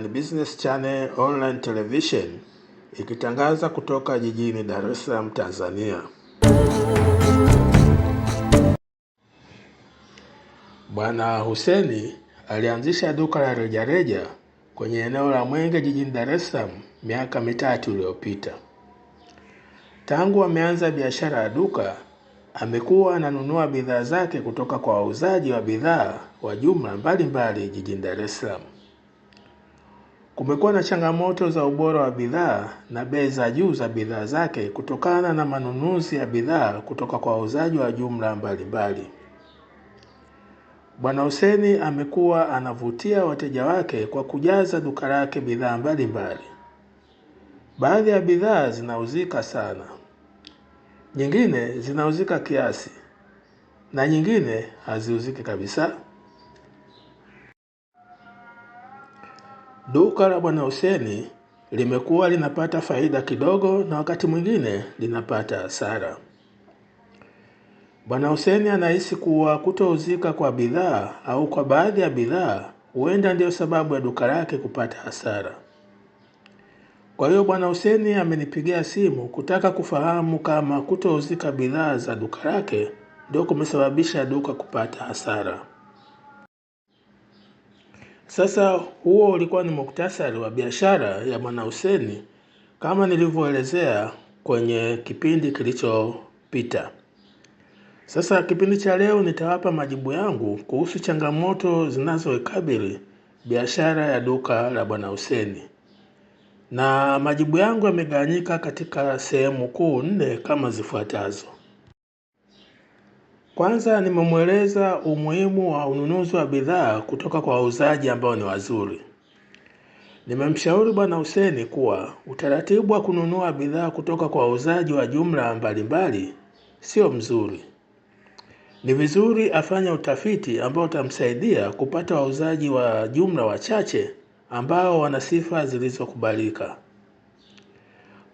and Business Channel Online Television ikitangaza kutoka jijini Dar es Salaam, Tanzania. Bwana Huseni alianzisha duka la rejareja kwenye eneo la Mwenge jijini Dar es Salaam miaka mitatu iliyopita. Tangu ameanza biashara ya duka, amekuwa ananunua bidhaa zake kutoka kwa wauzaji wa bidhaa wa jumla mbalimbali jijini Dar es Salaam. Kumekuwa na changamoto za ubora wa bidhaa na bei za juu za bidhaa zake kutokana na manunuzi ya bidhaa kutoka kwa wauzaji wa jumla mbalimbali. Bwana Huseni amekuwa anavutia wateja wake kwa kujaza duka lake bidhaa mbalimbali. Baadhi ya bidhaa zinauzika sana, nyingine zinauzika kiasi na nyingine haziuziki kabisa. Duka la Bwana Huseni limekuwa linapata faida kidogo na wakati mwingine linapata hasara. Bwana Huseni anahisi kuwa kutouzika kwa bidhaa au kwa baadhi ya bidhaa huenda ndiyo sababu ya duka lake kupata hasara. Kwa hiyo Bwana Huseni amenipigia simu kutaka kufahamu kama kutouzika bidhaa za duka lake ndio kumesababisha duka kupata hasara. Sasa huo ulikuwa ni muktasari wa biashara ya Bwana Huseni kama nilivyoelezea kwenye kipindi kilichopita. Sasa kipindi cha leo nitawapa majibu yangu kuhusu changamoto zinazoikabili biashara ya duka la Bwana Huseni, na majibu yangu yamegawanyika katika sehemu kuu nne kama zifuatazo. Kwanza nimemweleza umuhimu wa ununuzi wa bidhaa kutoka kwa wauzaji ambao ni wazuri. Nimemshauri Bwana Huseni kuwa utaratibu wa kununua bidhaa kutoka kwa wauzaji wa jumla mbalimbali sio mzuri. Ni vizuri afanye utafiti ambao utamsaidia kupata wauzaji wa jumla wachache ambao wana sifa zilizokubalika.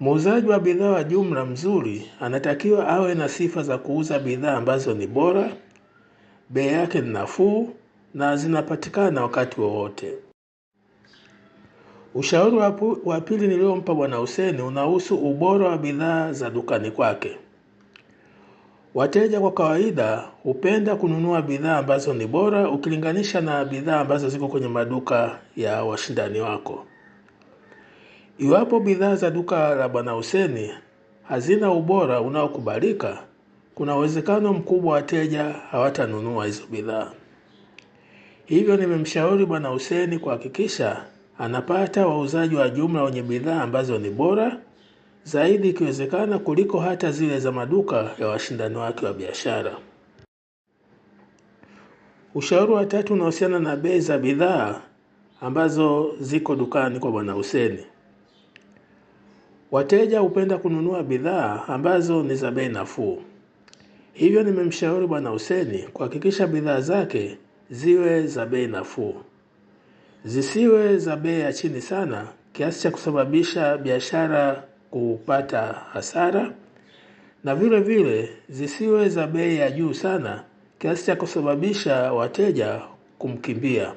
Muuzaji wa bidhaa wa jumla mzuri anatakiwa awe na sifa za kuuza bidhaa ambazo ni bora, bei yake ni nafuu na zinapatikana wakati wowote. Ushauri wa pili niliompa Bwana Huseni unahusu ubora wa bidhaa za dukani kwake. Wateja kwa kawaida hupenda kununua bidhaa ambazo ni bora ukilinganisha na bidhaa ambazo ziko kwenye maduka ya washindani wako. Iwapo bidhaa za duka la Bwana Huseni hazina ubora unaokubalika, kuna uwezekano mkubwa wateja hawatanunua hizo bidhaa. Hivyo nimemshauri Bwana Huseni kuhakikisha anapata wauzaji wa jumla wenye bidhaa ambazo ni bora zaidi ikiwezekana kuliko hata zile za maduka ya washindani wake wa biashara. Ushauri wa tatu unahusiana na bei za bidhaa ambazo ziko dukani kwa Bwana Huseni. Wateja hupenda kununua bidhaa ambazo ni za bei nafuu. Hivyo nimemshauri Bwana Huseni kuhakikisha bidhaa zake ziwe za bei nafuu. Zisiwe za bei ya chini sana kiasi cha kusababisha biashara kupata hasara na vile vile zisiwe za bei ya juu sana kiasi cha kusababisha wateja kumkimbia.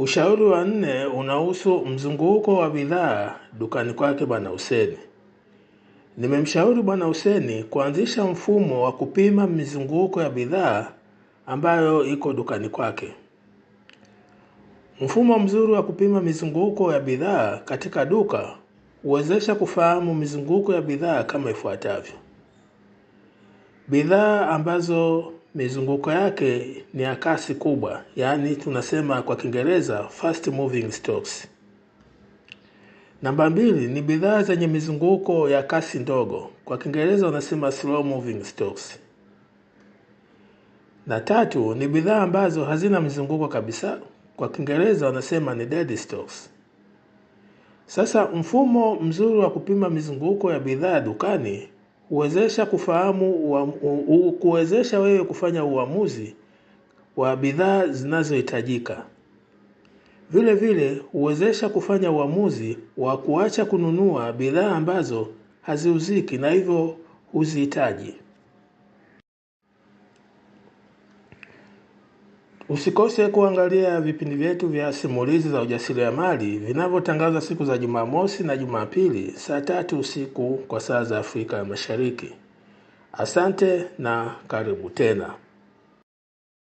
Ushauri wa nne unahusu mzunguko wa bidhaa dukani kwake Bwana Huseni. Nimemshauri Bwana Huseni kuanzisha mfumo wa kupima mizunguko ya bidhaa ambayo iko dukani kwake. Mfumo mzuri wa kupima mizunguko ya bidhaa katika duka huwezesha kufahamu mizunguko ya bidhaa kama ifuatavyo: bidhaa ambazo Mizunguko yake ni ya kasi kubwa, yaani tunasema kwa Kiingereza fast moving stocks. Namba mbili ni bidhaa zenye mizunguko ya kasi ndogo, kwa Kiingereza wanasema slow moving stocks. Na tatu ni bidhaa ambazo hazina mizunguko kabisa, kwa Kiingereza wanasema ni dead stocks. Sasa mfumo mzuri wa kupima mizunguko ya bidhaa dukani huwezesha kufahamu kuwezesha wewe kufanya uamuzi wa bidhaa zinazohitajika. Vile vile huwezesha kufanya uamuzi wa kuacha kununua bidhaa ambazo haziuziki na hivyo huzihitaji. Usikose kuangalia vipindi vyetu vya simulizi za ujasiriamali vinavyotangaza siku za Jumamosi na Jumapili saa tatu usiku kwa saa za Afrika ya Mashariki. Asante na karibu tena.